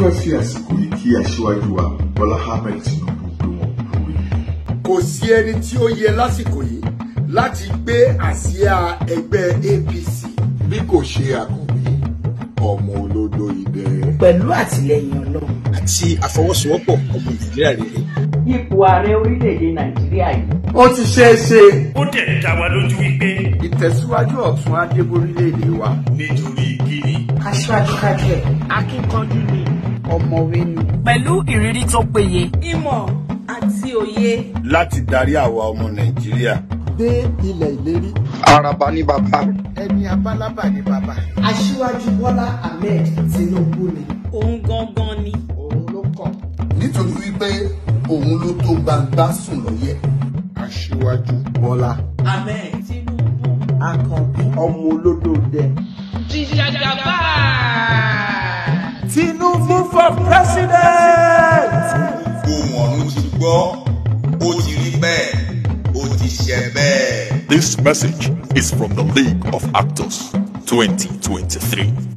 fẹ́ fi àsìkò yìí kí aṣíwájú wa Bọ́lá Ahmed Tinubu pé wọ́n kú rẹ̀. kò sí ẹni tí ó yẹ lásìkò yìí láti gbé àsíá ẹgbẹ́ APC bí kò ṣe àkànbí ọmọ olódò idẹ. pẹ̀lú àtìlẹyìn ọlọ́run. àti àfọwọ́sowọ́pọ̀ ọmọ nàìjíríà rere. ipò ààrẹ orílẹ̀-èdè nàìjíríà yìí. ó ti ṣeé ṣe. ó dẹ̀ dá wa lójú wípé. ìtẹ̀síwájú ọ̀tún adébórílẹ̀-èdè wa. nítorí kiri. aṣáájú kájú ẹ̀ akíkanjú ni ọ̀mọ̀wé ni. pẹ̀lú ìrírí tó péye. ìmọ̀ àti òye. láti darí àwa ọmọ nàìjíríà. dé ilẹ̀ ìlérí. araba ni bàbá. ẹni abálábà ni bàbá. aṣíwájú bọ́lá ahmed tinubu ni. òun gangan ni. òun ló kàn. nítorí wípé òun ló tó gbangba sùn lọ́yẹ. aṣíwájú bọ́lá. ahmed tinubu. akànbí ọmọ olódò dẹ. jìjàgbá. Dìbò for president. Ohun ọ̀run ti gbọ́, ó ti rí bẹ́ẹ̀, ó ti ṣe bẹ́ẹ̀. This message is from the League of Actors 2023.